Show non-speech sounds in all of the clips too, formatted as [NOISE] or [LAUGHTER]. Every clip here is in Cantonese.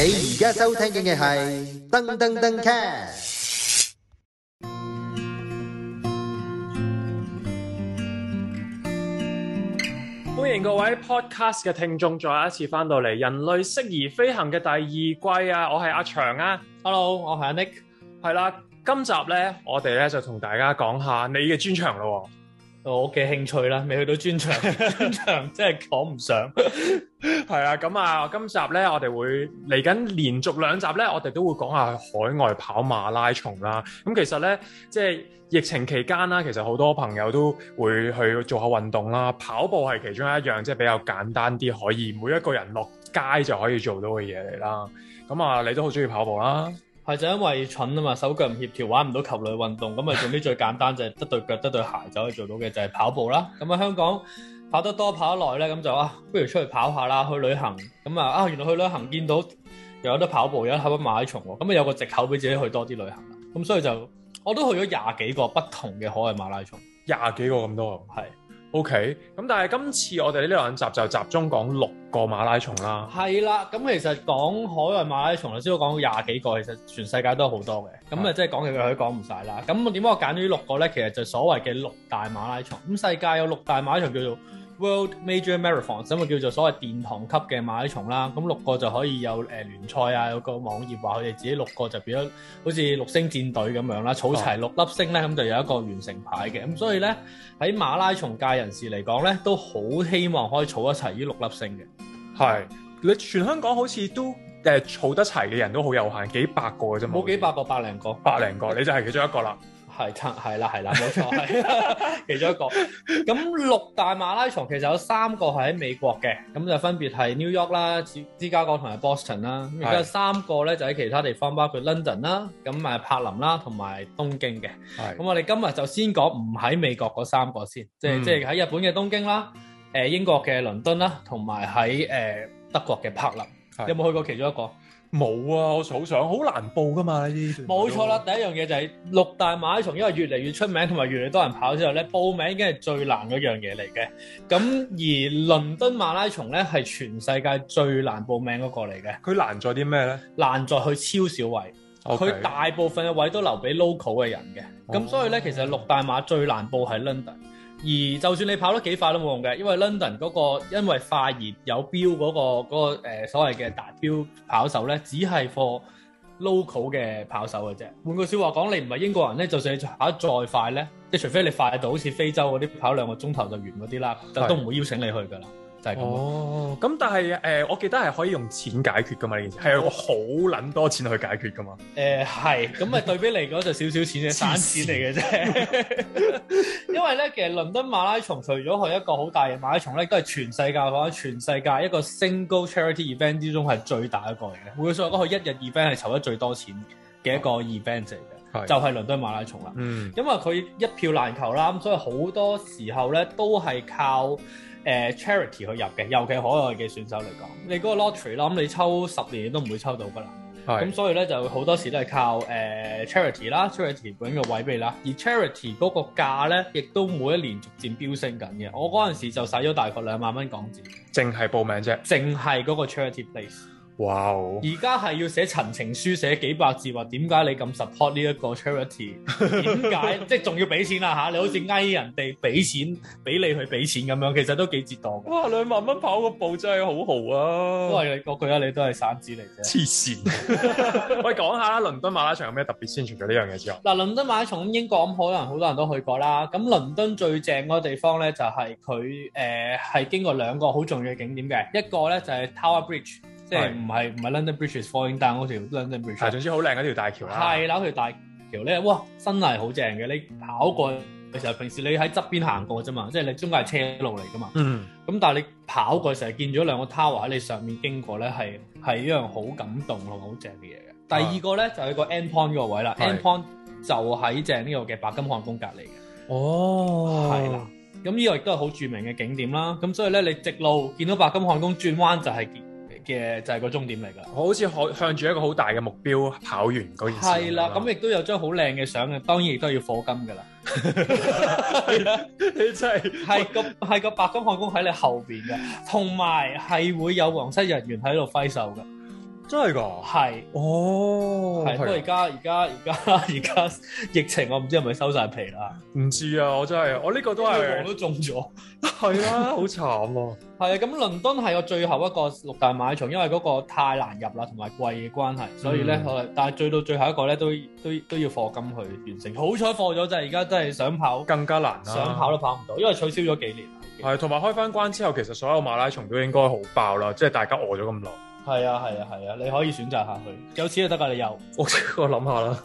你而家收聽嘅係噔噔噔 c a s 歡迎各位 podcast 嘅聽眾再一次翻到嚟《人類適宜飛行嘅第二季》啊！我係阿祥啊，Hello，我係阿 Nick，係啦，今集咧我哋咧就同大家講下你嘅專長咯，我嘅興趣啦，未去到專長，專長 [LAUGHS] 真係講唔上。 [LAUGHS] 係啊，咁啊、嗯，今集呢，我哋會嚟緊連續兩集呢，我哋都會講下海外跑馬拉松啦。咁、嗯、其實呢，即係疫情期間啦，其實好多朋友都會去做下運動啦。跑步係其中一樣即係比較簡單啲，可以每一個人落街就可以做到嘅嘢嚟啦。咁、嗯、啊，你都好中意跑步啦？係就因為蠢啊嘛，手腳唔協調，玩唔到球類運動，咁啊，做啲最簡單 [LAUGHS] 就係得對腳， [LAUGHS] 得對鞋就可以做到嘅就係跑步啦。咁啊，香港。跑得多，跑得耐咧，咁就啊，不如出去跑下啦，去旅行咁啊啊！原來去旅行見到又有得跑步，又有得跑馬拉松喎。咁啊，有個藉口俾自己去多啲旅行啦。咁所以就我都去咗廿幾個不同嘅海外馬拉松，廿幾個咁多，係是 OK。咁但係今次我哋呢兩集就集中講六個馬拉松啦。係啦，咁其實講海外馬拉松，頭先都講到廿幾個，其實全世界都好多嘅。咁啊，即係講極佢都講唔晒啦。咁我點解我揀咗呢六個咧？其實就所謂嘅六大馬拉松。咁世界有六大馬拉松叫做。World Major Marathon 咁啊，叫做所謂殿堂級嘅馬拉松啦，咁六個就可以有誒聯賽啊，有個網頁話佢哋自己六個就變咗好似六星戰隊咁樣啦，儲齊六粒星咧，咁就有一個完成牌嘅。咁所以咧，喺馬拉松界人士嚟講咧，都好希望可以儲一齊呢六粒星嘅。係，你全香港好似都誒儲、呃、得齊嘅人都好有限，幾百個嘅啫嘛。冇幾百個，百零個，百零個，你就係其中一個啦。係七，係啦，係啦，冇錯，係 [LAUGHS] [LAUGHS] 其中一個。咁六大馬拉松其實有三個係喺美國嘅，咁就分別係 New York 啦、芝加哥同埋 Boston 啦。咁而家有三個咧就喺其他地方，包括 London 啦、咁埋柏林啦同埋東京嘅。咁的我哋今日就先講唔喺美國嗰三個先，即係即係喺日本嘅東京啦、誒、嗯、英國嘅倫敦啦，同埋喺誒德國嘅柏林。的有冇去過其中一個？冇啊！我好想，好難報噶嘛呢啲。冇錯啦，第一樣嘢就係、是、六大馬拉松，因為越嚟越出名，同埋越嚟越多人跑之後咧，報名已經係最難嗰樣嘢嚟嘅。咁而倫敦馬拉松咧，係全世界最難報名嗰個嚟嘅。佢難在啲咩咧？難在佢超少位，佢 Okay. 大部分嘅位都留俾 local 嘅人嘅。咁所以咧，哦、其實六大馬最難報係 London。而就算你跑得幾快都冇用嘅，因為 London 嗰、那個因為快熱有標嗰、那個嗰、那個誒、呃、所謂嘅達標跑手咧，只係貨 local 嘅跑手嘅啫。換句說話講，你唔係英國人咧，就算你跑得再快咧，即係除非你快到好似非洲嗰啲跑兩個鐘頭就完嗰啲啦，就是都唔會邀請你去噶啦。就哦，咁但係誒、呃，我記得係可以用錢解決噶嘛？呢件事係用好撚多錢去解決噶嘛、哦？誒、呃、係，咁咪對比嚟講 [LAUGHS] 就少少錢嘅省錢嚟嘅啫。因為咧，其實倫敦馬拉松除咗係一個好大嘅馬拉松咧，都係全世界講全世界一個 single charity event 之中係最大一個嚟嘅。每所數講，佢一日 event 係籌得最多錢嘅一個 event 嚟嘅，的就係倫敦馬拉松啦。嗯，因為佢一票難求啦，咁所以好多時候咧都係靠誒、uh, charity 去入嘅，尤其海外嘅選手嚟講，你嗰個 lottery 啦、嗯，你抽十年都唔會抽到噶是、uh, 啦，咁所以咧就好多時都係靠誒 charity 啦，charity 本嘅位秘啦，而 charity 嗰個價咧，亦都每一年逐漸飆升緊嘅。我嗰陣時就使咗大概兩萬蚊港紙，淨係報名啫，淨係嗰個 charity place。哇，而家係要寫陳情書，寫幾百字話點解你咁 support 呢一個 charity？點解即係仲要俾錢啦、啊、嚇？你好似嗌人哋俾錢俾你去俾錢咁樣，其實都幾折當。哇！兩萬蚊跑個步真係好豪啊！都係你講句啦，你都係散紙嚟啫。黐線！喂 [LAUGHS] [LAUGHS] 講下啦，倫敦馬拉松有咩特別先，除咗呢樣嘢之外，嗱，倫敦馬拉松英國咁，可能好多人都去過啦。咁倫敦最正嘅地方咧，就係佢誒係經過兩個好重要嘅景點嘅，一個咧就係 Tower Bridge。即係唔係唔係 London Bridge is falling down，但係嗰條 London Bridge 係總之好靚嗰條大橋啦。係啦，嗰條大橋咧，哇，真係好正嘅。你跑過嘅時候，平時你喺側邊行過啫嘛，即係你中間係車路嚟噶嘛。嗯。咁但係你跑過成日見咗兩個 tower 喺你上面經過咧，係係一樣好感動同埋好正嘅嘢嘅。第二個咧的就係個 end point 個位啦。的 end point 就喺正呢度嘅白金漢宮隔離嘅。哦，係啦。咁呢個亦都係好著名嘅景點啦。咁所以咧，你直路見到白金漢宮，轉彎就係、是。嘅就係個終點嚟㗎，好似向向住一個好大嘅目標跑完嗰樣嘢。係 [NOISE] 啦樂，咁亦都有張好靚嘅相嘅，當然亦都要課金㗎啦。係 [LAUGHS] 啊， [LAUGHS] 真係係 [LAUGHS] 個係個白金漢宮喺你後邊嘅，同埋係會有皇室人員喺度揮手㗎。真係噶，係是哦，係是。不過而家而家而家而家疫情我是是，我唔 [LAUGHS] 知係咪收晒皮啦。唔知啊，我真係，我呢個都係，我都中咗，係 [LAUGHS] 啊， [LAUGHS] 好慘慘啊。係啊，咁倫敦係個最後一個六大馬拉松，因為嗰個太難入啦，同埋貴嘅關係，所以咧，嗯、但係最到最後一個咧，都都都要課金去完成。好彩課咗就啫，而家真係想跑更加難，啊，想跑都跑唔到，因為取消咗幾年啦。係的，同埋開翻關之後，其實所有馬拉松都應該好爆啦，即係大家餓咗咁耐。係啊，係啊，係啊，啊，啊，你可以選擇下去，有錢就得㗎，你有。 [LAUGHS] 我我諗下啦。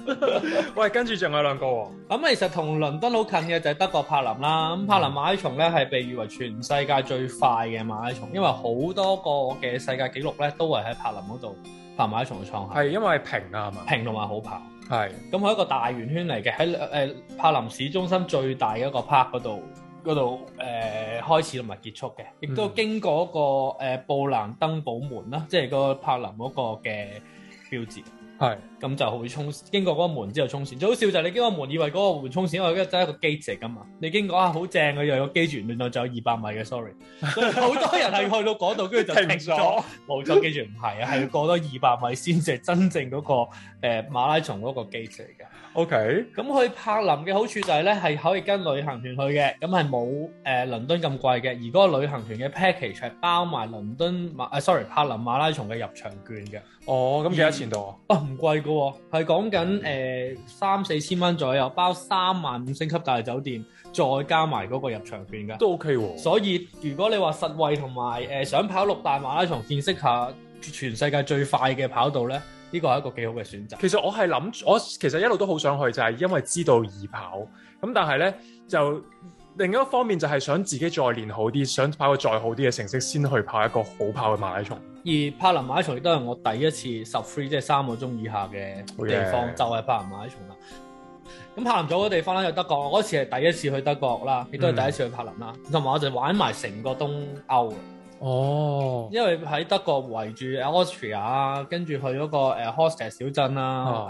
喂，跟住仲有兩個。咁 [LAUGHS] 其實同倫敦好近嘅就係德國柏林啦。咁柏林馬拉松咧，係被譽為全世界最快嘅馬拉松，因為好多個嘅世界紀錄咧都係喺柏林嗰度，柏林馬拉松創下。係因為平啊嘛，平同埋好跑。係是。咁佢一個大圓圈嚟嘅，喺誒柏林市中心最大嘅一個 park 嗰度。嗰度誒開始同埋結束嘅，亦都經過一個、呃、布蘭登堡門啦，即係個柏林嗰個嘅標誌。係咁是就會衝線，經過嗰個門之後衝線。最好笑就係你經過門以為嗰個門衝線，我而家真係一個閘嚟㗎嘛。你經過啊，好正嘅又有閘，原來仲有二百米嘅，sorry。好多人係去到嗰度，跟住 [LAUGHS] 就停咗。冇了錯，閘唔係啊，係 [LAUGHS] 過多二百米先至係真正嗰、那個誒、呃、馬拉松嗰個閘嘅。O K，咁去柏林嘅好處就係咧，係可以跟旅行團去嘅，咁係冇誒倫敦咁貴嘅，而嗰個旅行團嘅 package 係包埋倫敦馬，誒 sorry，柏林馬拉松嘅入場券嘅。哦，咁幾多錢度啊，嗯？啊，唔貴㗎喎，哦，係講緊誒三四千蚊左右，包三晚五星級大酒店，再加埋嗰個入場券嘅。都 O K 喎。所以如果你話實惠同埋誒想跑六大馬拉松，見識下全世界最快嘅跑道咧，呢個係一個幾好嘅選擇。其實我係諗，我其實一路都好想去，就係、是、因為知道易跑。咁但係呢，就另一個方面就係想自己再練好啲，想跑個再好啲嘅成績，先去跑一個好跑嘅馬拉松。而柏林馬拉松亦都係我第一次 sub three 即係三個鐘以下嘅地方，的就係柏林馬拉松啦。咁柏林咗個地方咧，就德國。我嗰次係第一次去德國啦，亦都係第一次去柏林啦。同埋、嗯、我就玩埋成個東歐。哦，因為喺德國圍住 Austria、呃嗯、啊，跟住去嗰個 Hallstatt 小鎮啦，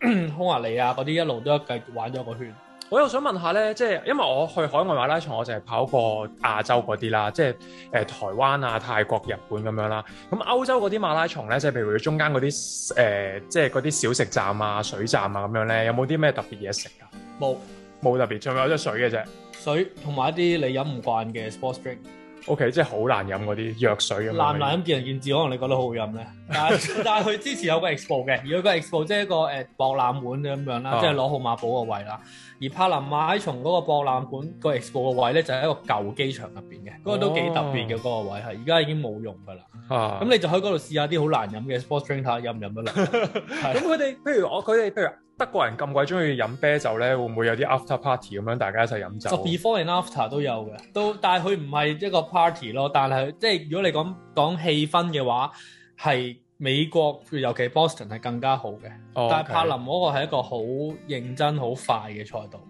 誒 [COUGHS] 匈牙利啊嗰啲一路都繼續玩咗個圈。我又想問下咧，即係因為我去海外馬拉松，我就係跑過亞洲嗰啲啦，即係誒台灣啊、泰國、日本咁樣啦。咁歐洲嗰啲馬拉松咧，即係譬如佢中間嗰啲誒，即係嗰啲小食站啊、水站啊咁樣咧，有冇啲咩特別嘢食噶？冇沒，冇特別，仲有啲水嘅啫。水同埋一啲你飲唔慣嘅 sports drink。O.K.，即係好難飲嗰啲藥水咁樣。難唔難飲見仁見智，可能你覺得好飲咧。但係 [LAUGHS] 但係佢之前有個 expo 嘅，而有個 expo，即係一個誒、呃、博覽館咁樣啦，啊、即係攞號碼簿個位啦。而柏林馬拉松嗰個博覽館個 expo 個位咧，就喺一個舊機場入邊嘅，嗰、哦、個都幾特別嘅嗰、嗰個位係。而家已經冇用噶啦。咁、啊、你就可以嗰度試下啲好難飲嘅 sport drink，睇飲唔飲得落。咁佢哋譬如我，佢哋譬如。譬如德國人咁鬼中意飲啤酒咧，會唔會有啲 after party 咁樣大家一齊飲酒？So before and after 都有嘅，都但係佢唔係一個 party 咯，但係即係如果你講講氣氛嘅話，係美國尤其 Boston 係更加好嘅，oh, okay. 但係柏林嗰個係一個好認真、好快嘅賽道。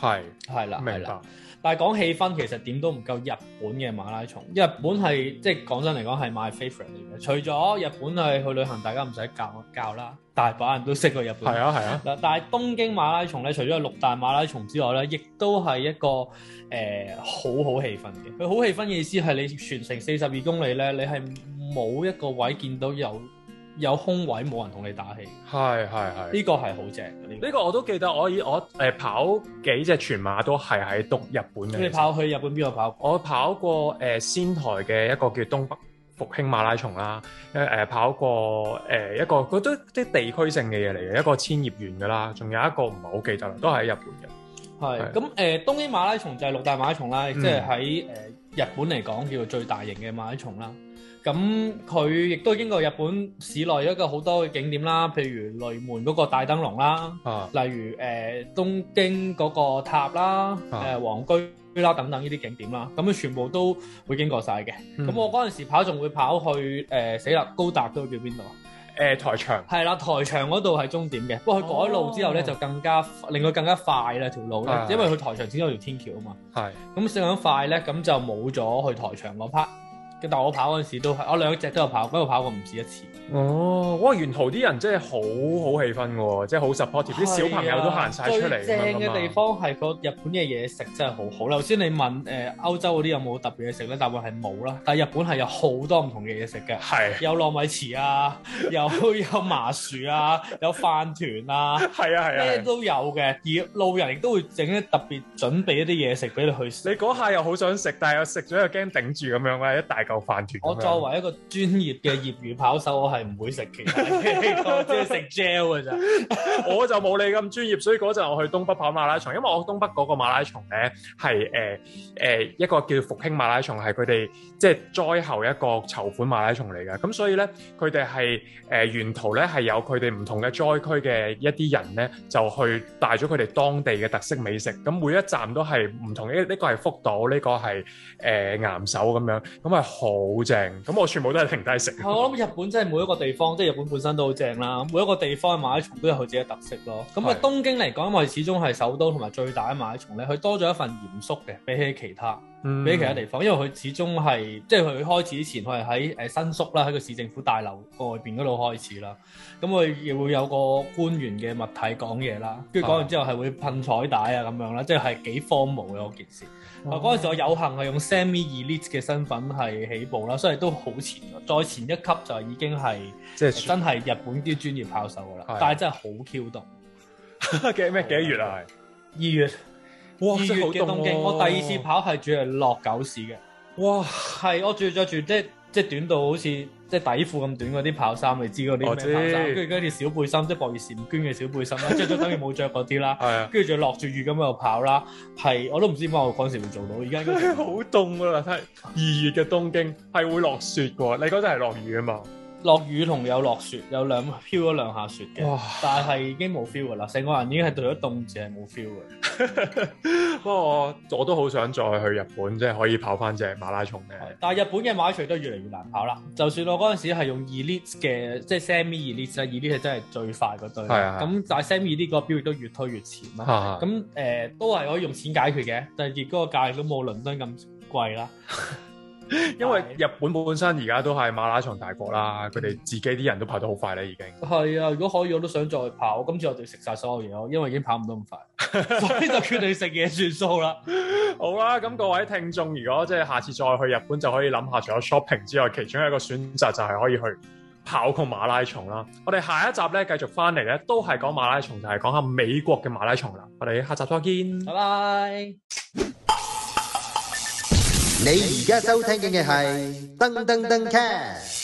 係係啦，係啦，明白。但係講氣氛，其實點都唔夠日本嘅馬拉松。日本係即係講真嚟講係 my favorite 嚟嘅。除咗日本係去旅行，大家唔使教教啦，大把人都識過日本係啊係啊嗱。但係東京馬拉松咧，除咗六大馬拉松之外咧，亦都係一個誒、呃、好好氣氛嘅。佢好氣氛嘅意思係你全程四十二公里咧，你係冇一個位見到有。有空位冇人同你打氣，係係係，呢個係好正呢個，我都記得。我以我誒、呃、跑幾隻全馬都係喺東日本嘅。你跑去日本邊度跑？我跑過誒、呃、仙台嘅一個叫東北復興馬拉松啦，誒、呃、跑過誒、呃、一個都即係地區性嘅嘢嚟嘅，一個千葉縣嘅啦，仲有一個唔係好記得，都係喺日本嘅。係咁誒，東京馬拉松就係六大馬拉松啦，嗯、即係喺誒日本嚟講叫做最大型嘅馬拉松啦。咁佢亦都經過日本市內一個好多嘅景點啦，譬如雷門嗰個大燈籠啦，啊、例如誒、呃、東京嗰個塔啦、誒、呃、皇居啦等等呢啲景點啦，咁佢全部都會經過晒嘅。咁、嗯、我嗰陣時跑仲會跑去誒、呃、死啦，高達都叫邊度啊？誒、呃、台場。係啦，台場嗰度係終點嘅。不過佢改路之後咧，就更加令佢更加快啦條路咧，因為佢台場只有條天橋啊嘛。係的。咁想快咧，咁就冇咗去台場嗰 part。但我跑嗰陣時都，我兩隻都有跑，不過跑過唔止一次。哦，哇！沿途啲人真係好好氣氛喎，即係好 supportive 啲小朋友都行晒出嚟。正嘅地方係個嗎日本嘅嘢食真係好好啦。頭先你問誒、呃、歐洲嗰啲有冇特別嘢食咧，答案係冇啦。但係日本係有好多唔同嘅嘢食嘅，係、啊、有糯米糍啊，有 [LAUGHS] 有麻薯啊，有飯團啊，係啊係啊，咩、啊啊、都有嘅。而路人亦都會整啲特別準備一啲嘢食俾你去食。你嗰下又好想食，但係我食咗又驚頂住咁樣㗎，一大我作為一個專業嘅業餘跑手，我係唔會食其他嘅，我只係食 gel 嘅咋。我就冇你咁專業，所以嗰陣我去東北跑馬拉松，因為我東北嗰個馬拉松咧係誒誒一個叫做復興馬拉松，係佢哋即係災後一個籌款馬拉松嚟㗎。咁所以咧，佢哋係誒沿途咧係有佢哋唔同嘅災區嘅一啲人咧，就去帶咗佢哋當地嘅特色美食。咁每一站都係唔同嘅，呢呢個係福島，呢個係誒岩手咁樣，咁係。好正，咁我全部都係停低食。我諗日本真係每一個地方，即係日本本身都好正啦。每一個地方嘅馬拉松都有佢自己嘅特色咯。咁啊，東京嚟講，因為佢始終係首都同埋最大嘅馬拉松咧，佢多咗一份嚴肅嘅，比起其他，比起其他地方，嗯、因為佢始終係即係佢開始之前，佢係喺誒新宿啦，喺個市政府大樓外邊嗰度開始啦。咁佢亦會有個官員嘅物體講嘢啦，跟住講完之後係會噴彩帶啊咁樣啦，即係係幾荒謬嘅嗰件事。嗱嗰、oh. 陣時我有幸係用 Semi-Elite 嘅身份係起步啦，所以都好前。再前一級就已經係真係日本啲專業跑手噶啦，是但係真係好 Q 凍幾咩？幾月啊？二月。哇！二月嘅東京。啊、我第二次跑係住喺落狗屎嘅。哇！係我住在住即即短到好似。即係底褲咁短嗰啲跑衫，你知嗰啲咩跑衫？跟住嗰條小背心，即係薄如綿娟嘅小背心啦，即係都等於冇着嗰啲啦。跟住就落住雨咁又跑啦，係 [LAUGHS] 我都唔知點解我嗰陣時會做到。而家、 [LAUGHS] 哎、好凍㗎喇，真係二月嘅東京係會落雪嘅，你嗰陣係落雨啊嘛？落雨同有落雪，有兩飄咗兩下雪嘅， [LAUGHS] 但係已經冇 feel 嘅啦，成個人已經係對咗凍淨係冇 feel 嘅。 [LAUGHS] 不過我,我都好想再去日本，即係可以跑翻隻馬拉松咧。但係日本嘅馬拉松都越嚟越難跑啦。就算我嗰陣時係用 Elite 嘅，即係 semi Elite 啊 Elite 係真係最快嗰對。咁的但係 semi 呢 Elite 個標亦都越推越前啦。咁誒的、呃、都係可以用錢解決嘅，但係嗰個價亦都冇倫敦咁貴啦。 [LAUGHS] 因為日本本身而家都係馬拉松大國啦，佢哋自己啲人都跑得好快啦，已經係啊！如果可以，我都想再跑。今次我哋食晒所有嘢咯，因為已經跑唔到咁快， [LAUGHS] 所以就決定食嘢算數啦。好啦，啊，咁各位聽眾，如果即係下次再去日本，就可以諗下除咗 shopping 之外，其中一個選擇就係可以去跑個馬拉松啦。我哋下一集咧繼續翻嚟咧，都係講馬拉松，就係講下美國嘅馬拉松啦。我哋下集再見，拜拜。你而家收聽嘅係燈登登 cast。